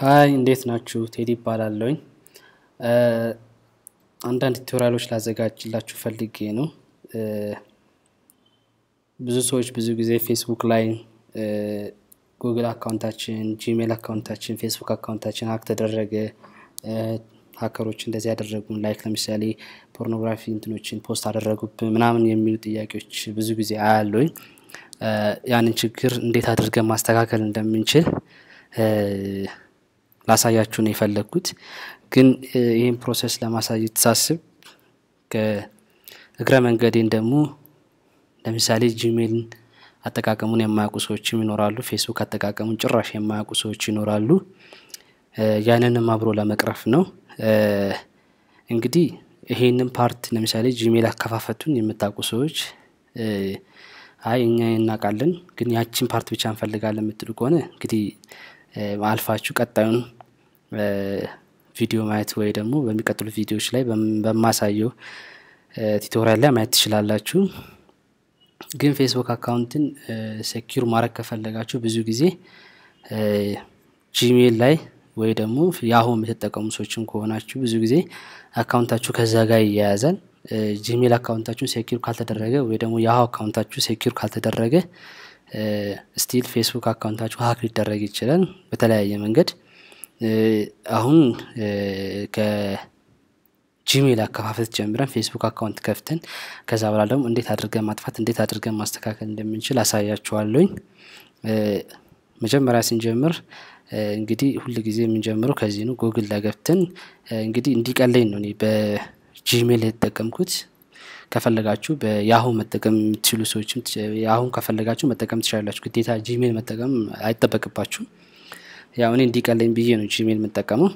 ሀይ እንዴት ናችሁ? ቴዲ ይባላለውኝ አንዳንድ ቱቶሪያሎች ላዘጋጅላችሁ ፈልጌ ነው። ብዙ ሰዎች ብዙ ጊዜ ፌስቡክ ላይ ጉግል አካውንታችን፣ ጂሜል አካውንታችን፣ ፌስቡክ አካውንታችን ሀክ ተደረገ፣ ሀከሮች እንደዚህ ያደረጉን፣ ላይክ ለምሳሌ ፖርኖግራፊ እንትኖችን ፖስት አደረጉብን ምናምን የሚሉ ጥያቄዎች ብዙ ጊዜ አያለሁኝ። ያንን ችግር እንዴት አድርገን ማስተካከል እንደምንችል ላሳያችሁ ነው የፈለግኩት። ግን ይህን ፕሮሰስ ለማሳየት ሳስብ ከእግረ መንገዴን ደግሞ ለምሳሌ ጂሜልን አጠቃቀሙን የማያውቁ ሰዎችም ይኖራሉ። ፌስቡክ አጠቃቀሙን ጭራሽ የማያውቁ ሰዎች ይኖራሉ። ያንንም አብሮ ለመቅረፍ ነው እንግዲህ ይሄንን ፓርት ለምሳሌ ጂሜል አከፋፈቱን የምታውቁ ሰዎች አይ እኛ እናውቃለን፣ ግን ያችን ፓርት ብቻ እንፈልጋለን የምትሉ ከሆነ እንግዲህ አልፋችሁ ቀጣዩን ቪዲዮ ማየት ወይ ደግሞ በሚቀጥሉ ቪዲዮዎች ላይ በማሳየው ቲቶሪያል ላይ ማየት ትችላላችሁ። ግን ፌስቡክ አካውንትን ሴኪር ማድረግ ከፈለጋችሁ ብዙ ጊዜ ጂሜል ላይ ወይ ደግሞ ያሁ የተጠቀሙ ሰዎችን ከሆናችሁ ብዙ ጊዜ አካውንታችሁ ከዛ ጋር ይያያዛል። ጂሜል አካውንታችሁን ሴኪር ካልተደረገ ወይ ደግሞ ያሁ አካውንታችሁ ሴኪር ካልተደረገ ስቲል ፌስቡክ አካውንታችሁ ሀክ ሊደረግ ይችላል በተለያየ መንገድ። አሁን ከጂሜል አከፋፈት ጀምረን ፌስቡክ አካውንት ከፍተን ከዛ በኋላ ደግሞ እንዴት አድርገን ማጥፋት እንዴት አድርገን ማስተካከል እንደምንችል አሳያችኋለኝ መጀመሪያ ስንጀምር እንግዲህ ሁል ጊዜ የምንጀምረው ከዚህ ነው ጉግል ላይ እንግዲህ እንዲቀለኝ ነው በጂሜል የተጠቀምኩት ከፈለጋችሁ በያሁ መጠቀም የምትችሉ ሰዎችም ያሁን ከፈለጋችሁ መጠቀም ትችላላችሁ ግዴታ ጂሜል መጠቀም አይጠበቅባችሁም ያው እኔ እንዲቀለኝ ብዬ ነው ጂሜል የምጠቀመው።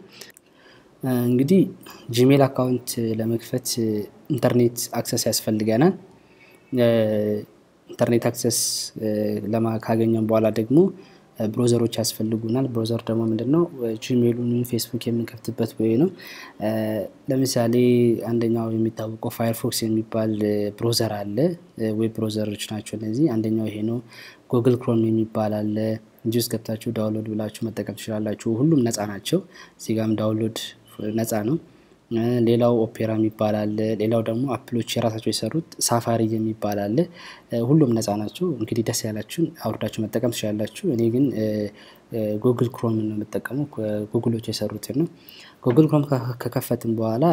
እንግዲህ ጂሜል አካውንት ለመክፈት ኢንተርኔት አክሰስ ያስፈልገናል። ኢንተርኔት አክሰስ ካገኘን በኋላ ደግሞ ብሮዘሮች ያስፈልጉናል። ብሮዘር ደግሞ ምንድነው ጂሜሉንም ፌስቡክ የምንከፍትበት ወይ ነው። ለምሳሌ አንደኛው የሚታወቀው ፋየርፎክስ የሚባል ብሮዘር አለ። ዌብ ብሮዘሮች ናቸው እነዚህ። አንደኛው ይሄ ነው። ጉግል ክሮም የሚባል አለ። እንጂ ውስጥ ገብታችሁ ዳውንሎድ ብላችሁ መጠቀም ትችላላችሁ። ሁሉም ነፃ ናቸው። እዚህ ጋም ዳውንሎድ ነፃ ነው። ሌላው ኦፔራ የሚባል አለ። ሌላው ደግሞ አፕሎች የራሳቸው የሰሩት ሳፋሪ የሚባል አለ። ሁሉም ነፃ ናቸው። እንግዲህ ደስ ያላችሁን አውርዳችሁ መጠቀም ትችላላችሁ። እኔ ግን ጉግል ክሮም ነው የምጠቀመው። ጉግሎች የሰሩትን ነው። ጉግል ክሮም ከከፈትን በኋላ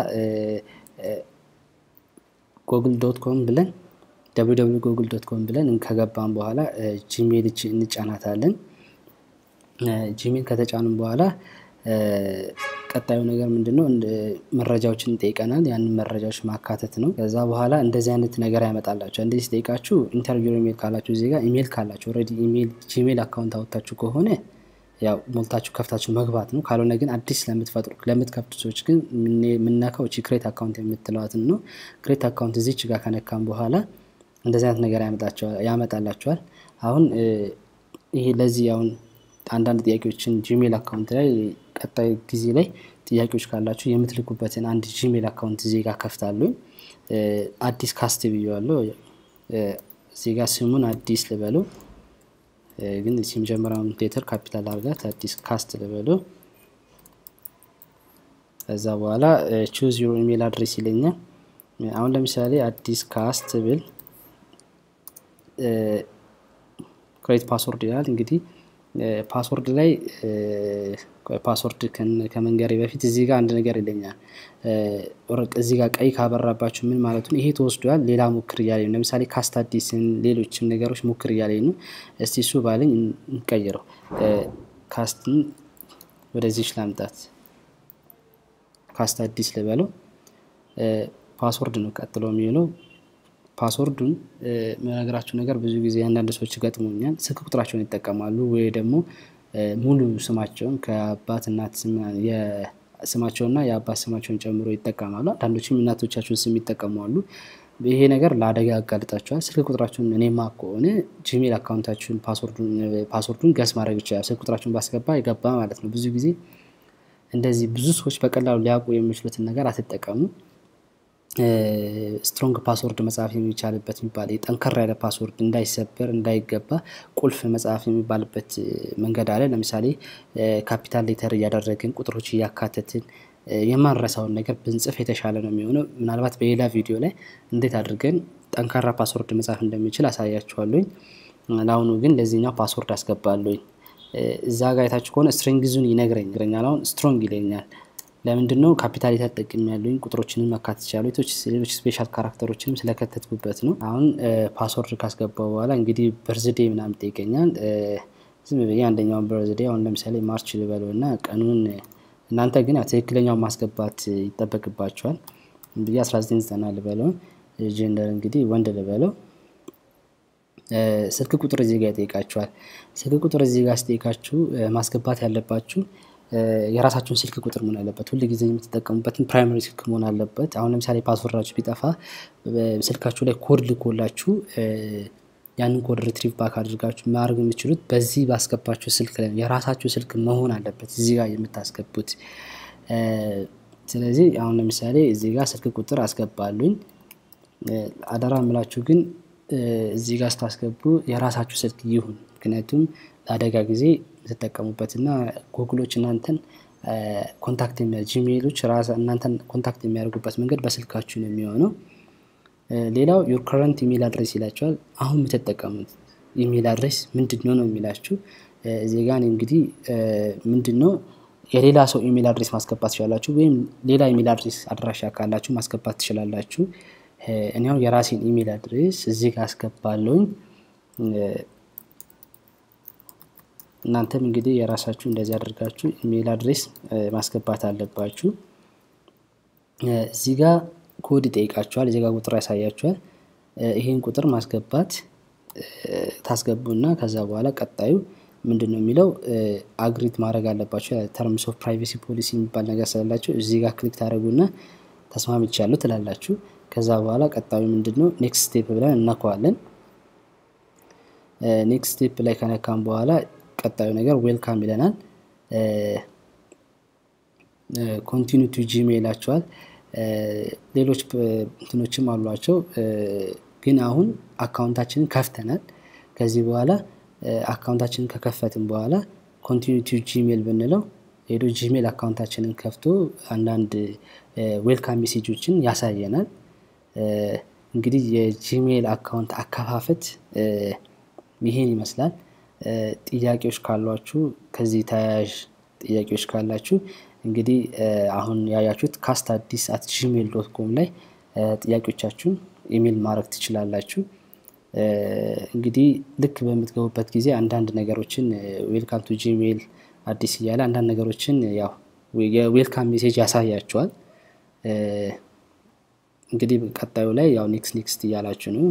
ጉግል ዶት ኮም ብለን ደብሊው ጉግል ዶት ኮም ብለን ከገባን በኋላ ጂሜል እንጫናታለን። ጂሜል ከተጫንም በኋላ ቀጣዩ ነገር ምንድነው? መረጃዎችን ጠይቀናል። ያንን መረጃዎች ማካተት ነው። ከዛ በኋላ እንደዚህ አይነት ነገር ያመጣላቸው እንደዚህ ሲጠይቃችሁ ኢንተርቪው ኢሜል ካላችሁ ዜጋ ኢሜል ካላችሁ ኦልሬዲ ኢሜል ጂሜል አካውንት አወጣችሁ ከሆነ ያው ሞልታችሁ ከፍታችሁ መግባት ነው። ካልሆነ ግን አዲስ ለምትፈጥሩ ለምትከፍቱ ሰዎች ግን የምናካው እቺ ክሬት አካውንት የምትለዋትን ነው። ክሬት አካውንት እዚች ጋር ከነካም በኋላ እንደዚህ አይነት ነገር ያመጣላቸዋል። አሁን ይሄ ለዚህ አሁን አንዳንድ ጥያቄዎችን ጂሜል አካውንት ላይ ቀጣይ ጊዜ ላይ ጥያቄዎች ካላችሁ የምትልኩበትን አንድ ጂሜል አካውንት ዜጋ ከፍታሉኝ አዲስ ካስት ብያዋለሁ። ዜጋ ስሙን አዲስ ልበሉ፣ ግን የመጀመሪያውን ሌተር ካፒታል አርጋት አዲስ ካስት ልበሉ። ከዛ በኋላ ቹዝ ዩር ኢሜል አድሬስ ይለኛል። አሁን ለምሳሌ አዲስ ካስት ብል ክሬት ፓስወርድ ይላል እንግዲህ ፓስወርድ ላይ ፓስወርድ ከመንገሬ በፊት እዚህ ጋር አንድ ነገር ይለኛል። እዚህ ጋር ቀይ ካበራባችሁ ምን ማለት ነው? ይሄ ተወስዷል። ሌላ ሞክር ነው። ለምሳሌ ካስታዲስን ሌሎችም ነገሮች ሞክር እያለ ነው። እስቲ እሱ ባለኝ እንቀይረው። ካስትን ወደዚች ላምጣት። ካስታዲስ ልበለው። ፓስወርድ ነው ቀጥሎ የሚውለው ፓስወርዱን መነገራቸው ነገር ብዙ ጊዜ አንዳንድ ሰዎች ገጥሞኛል። ስልክ ቁጥራቸውን ይጠቀማሉ ወይ ደግሞ ሙሉ ስማቸውን ከአባት እናት ስማቸውና የአባት ስማቸውን ጨምሮ ይጠቀማሉ። አንዳንዶችም እናቶቻቸውን ስም ይጠቀማሉ። ይሄ ነገር ለአደጋ ያጋልጣቸዋል። ስልክ ቁጥራችሁን እኔማ ከሆነ ጂሜል አካውንታችሁን ፓስወርዱን ገስ ማድረግ ይችላል። ስልክ ቁጥራችሁን ባስገባ ይገባ ማለት ነው። ብዙ ጊዜ እንደዚህ ብዙ ሰዎች በቀላሉ ሊያውቁ የሚችሉትን ነገር አትጠቀሙ። ስትሮንግ ፓስወርድ መጽሐፍ የሚቻልበት የሚባል ጠንከር ያለ ፓስወርድ እንዳይሰበር እንዳይገባ ቁልፍ መጽሐፍ የሚባልበት መንገድ አለ። ለምሳሌ ካፒታል ሌተር እያደረግን ቁጥሮች እያካተትን የማንረሳውን ነገር ብንጽፍ የተሻለ ነው የሚሆነው። ምናልባት በሌላ ቪዲዮ ላይ እንዴት አድርገን ጠንካራ ፓስወርድ መጽሐፍ እንደሚችል አሳያችኋለኝ። ለአሁኑ ግን ለዚህኛው ፓስወርድ አስገባለኝ። እዛ ጋ የታችሁ ከሆነ ስትሪንግዙን ይነግረኝ ይነግረኛል። አሁን ስትሮንግ ይለኛል። ለምንድን ነው ካፒታል ተጠቅም ያለኝ ቁጥሮችንም መካት ይቻሉ ሌሎች ስፔሻል ካራክተሮችንም ስለከተትኩበት ነው። አሁን ፓስወርድ ካስገባው በኋላ እንግዲህ በርዝዴ ምናም ጠይቀኛል። ዝም ብዬ አንደኛውን በርዝዴ አሁን ለምሳሌ ማርች ልበለው እና ቀኑን እናንተ ግን ትክክለኛው ማስገባት ይጠበቅባቸዋል ብዬ 1990 ልበለው። ጀንደር እንግዲህ ወንድ ልበለው። ስልክ ቁጥር ዜጋ ጋር ይጠይቃችኋል። ስልክ ቁጥር ዜጋ ስጠይቃችሁ ማስገባት ያለባችሁ የራሳችሁን ስልክ ቁጥር መሆን አለበት። ሁሉ ጊዜ የምትጠቀሙበትን ፕራይመሪ ስልክ መሆን አለበት። አሁን ለምሳሌ ፓስወርዳችሁ ቢጠፋ ስልካችሁ ላይ ኮድ ልኮላችሁ ያንን ኮድ ሪትሪቭ ባክ አድርጋችሁ ማድረግ የምትችሉት በዚህ ባስገባችሁ ስልክ ላይ የራሳችሁ ስልክ መሆን አለበት እዚህ ጋር የምታስገቡት። ስለዚህ አሁን ለምሳሌ እዚህ ጋር ስልክ ቁጥር አስገባሉኝ። አደራ ምላችሁ ግን እዚህ ጋር ስታስገቡ የራሳችሁ ስልክ ይሁን። ምክንያቱም ለአደጋ ጊዜ የምትጠቀሙበት እና ጉግሎች እናንተን ኮንታክት ጂሜሎች እናንተን ኮንታክት የሚያደርጉበት መንገድ በስልካችሁ ነው የሚሆነው። ሌላው ዩር ከረንት ኢሜል አድሬስ ይላቸዋል። አሁን የምትጠቀሙት ኢሜል አድሬስ ምንድን ነው ነው የሚላችሁ። ዜጋን እንግዲህ ምንድን ነው የሌላ ሰው ኢሜል አድሬስ ማስገባት ትችላላችሁ፣ ወይም ሌላ ኢሜል አድሬስ አድራሻ ካላችሁ ማስገባት ትችላላችሁ። እኔ የራሴን ኢሜል አድሬስ እዚህ ጋር እናንተም እንግዲህ የራሳችሁ እንደዚህ አድርጋችሁ ኢሜይል አድሬስ ማስገባት አለባችሁ። እዚህ ጋ ኮድ ይጠይቃችኋል። እዚህ ቁጥር ያሳያችኋል። ይህን ቁጥር ማስገባት ታስገቡና ከዛ በኋላ ቀጣዩ ምንድን ነው የሚለው አግሪት ማድረግ አለባቸው። ተርምስ ኦፍ ፕራይቬሲ ፖሊሲ የሚባል ነገር ስላላቸው እዚህ ጋር ክሊክ ታደረጉና ተስማምቻለሁ ትላላችሁ። ከዛ በኋላ ቀጣዩ ምንድን ነው ኔክስት ስቴፕ ብለን እናከዋለን። ኔክስት ስቴፕ ላይ ከነካም በኋላ ቀጣዩ ነገር ዌልካም ይለናል። ኮንቲኒ ቱ ጂሜል ይላቸዋል። ሌሎች እንትኖችም አሏቸው። ግን አሁን አካውንታችንን ከፍተናል። ከዚህ በኋላ አካውንታችንን ከከፈትን በኋላ ኮንቲኒ ቱ ጂሜል ብንለው ሄዶ ጂሜል አካውንታችንን ከፍቶ አንዳንድ ዌልካም ሜሴጆችን ያሳየናል። እንግዲህ የጂሜል አካውንት አከፋፈት ይሄን ይመስላል። ጥያቄዎች ካሏችሁ ከዚህ ተያያዥ ጥያቄዎች ካላችሁ እንግዲህ አሁን ያያችሁት ካስት አዲስ አት ጂሜል ዶት ኮም ላይ ጥያቄዎቻችሁን ኢሜል ማድረግ ትችላላችሁ። እንግዲህ ልክ በምትገቡበት ጊዜ አንዳንድ ነገሮችን ዌልካም ቱ ጂሜል አዲስ እያለ አንዳንድ ነገሮችን ያው የዌልካም ሜሴጅ ያሳያችኋል። እንግዲህ ቀጣዩ ላይ ያው ኔክስት ኔክስት እያላችሁ ነው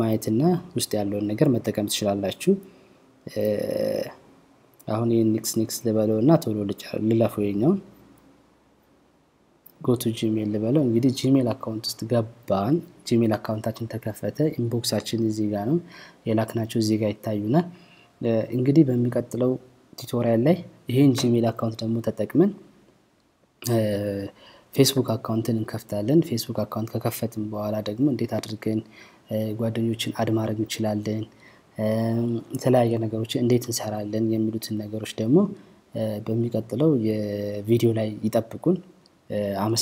ማየትና ውስጥ ያለውን ነገር መጠቀም ትችላላችሁ። አሁን ይህን ኒክስ ኒክስ ልበለው እና ቶሎ ልለፈው የኛውን ጎቱ ጂሜል ልበለው። እንግዲህ ጂሜል አካውንት ውስጥ ገባን። ጂሜል አካውንታችን ተከፈተ። ኢንቦክሳችን እዚህ ጋር ነው፣ የላክናቸው እዚህ ጋር ይታዩናል። እንግዲህ በሚቀጥለው ቱቶሪያል ላይ ይህን ጂሜል አካውንት ደግሞ ተጠቅመን ፌስቡክ አካውንትን እንከፍታለን። ፌስቡክ አካውንት ከከፈትን በኋላ ደግሞ እንዴት አድርገን ጓደኞችን አድ ማድረግ እንችላለን፣ የተለያየ ነገሮችን እንዴት እንሰራለን የሚሉትን ነገሮች ደግሞ በሚቀጥለው የቪዲዮ ላይ ይጠብቁን። አመሰግናለሁ።